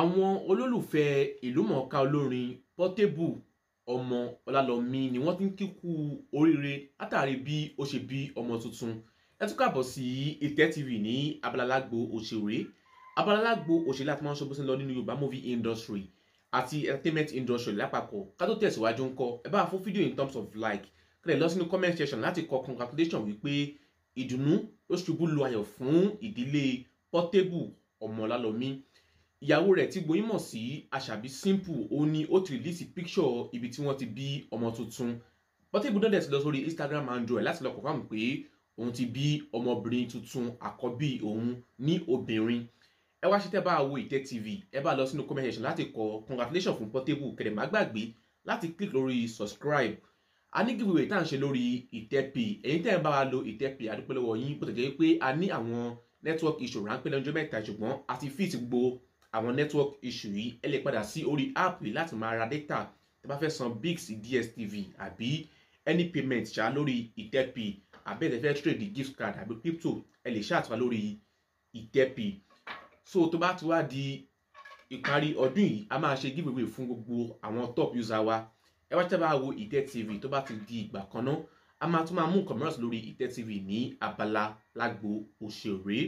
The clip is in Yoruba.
àwọn olólùfẹ́ ìlúmọ̀ọ́ká olórin Portable ọmọ Ọlálọ́mí ni wọ́n ti ń kíkú oríire látàrí bí ó ṣe bí ọmọ tuntun ẹ tún kàbọ̀ sí ìtẹ́ TV ní abalalágbo òṣèré abalalágbo òṣèré láti máa ń ṣe bó ṣe ń lọ nínú Yorùbá movie industry àti entertainment industry lápapọ̀ ká tó tẹ̀síwájú ń kọ́ ẹ bá fún fídíò in terms of like kẹ́lẹ̀ lọ sínú comment section láti kọ congratulation wípé ìdùnnú ó ṣubú lu ayọ̀ fún ìdílé Portable ọmọ Ọlálọ́mí ìyàwó rẹ̀ tí gboyún mọ̀ sí àṣàbí simple ó ní ó ti rìlíìsì picture ibi tí wọ́n ti bí ọmọ tuntun Portable náà dẹ̀ ti lọ sórí Instagram android láti lọ confirm pé òun ti bí ọmọbìnrin tuntun àkọ́bí òun ní obìnrin ẹ wá ṣe tẹ́ bá wo ìtẹ́ TV ẹ bá lọ sínú comment section láti kọ congratulation fún Portable kẹ̀dẹ̀ má gbàgbé láti click lórí subscribe a ní giveaway tá à ń ṣe lórí ìtẹ́pì ẹ̀yin tẹ́ ẹ bá wa lo ìtẹ́pì àdúpẹ́ yín bó tẹ̀ jẹ́ pé a ní àwọn network issue ráńpẹ́ lọ́jọ́ mẹ́ta ṣùgbọ́n a ti fíìsì gbogbo àwọn network issue yìí ẹ lè padà sí orí app yìí láti máa ra data tẹ bá fẹ́ san biggs dstv àbí any payment ṣá lórí ìtẹ́pì àbí ẹ fẹ́ trade gift card àbí crypto ẹ lè ṣàtúwá lórí ìtẹ́pì so tó bá ti wá di ìparí ọdún yìí a máa ṣe giveaway fún gbogbo àwọn top user wa ẹ wá tẹ́ bá wo ìtẹ́ tv tó bá ti di ìgbà kan náà a máa tún máa mú nǹkan mìíràn lórí ìtẹ́ tv ní abala lágbo òṣèré